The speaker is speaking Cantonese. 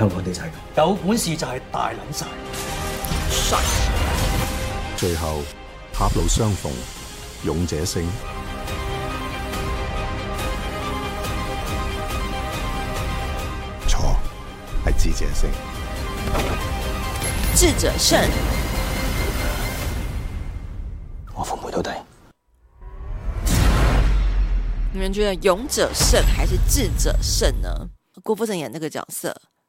香港地有本事就係大撚晒。最後，狹路相逢勇者勝。錯係智者勝，智者勝，我奉陪到底。你們覺得勇者勝還是智者勝呢？郭富城演那個角色？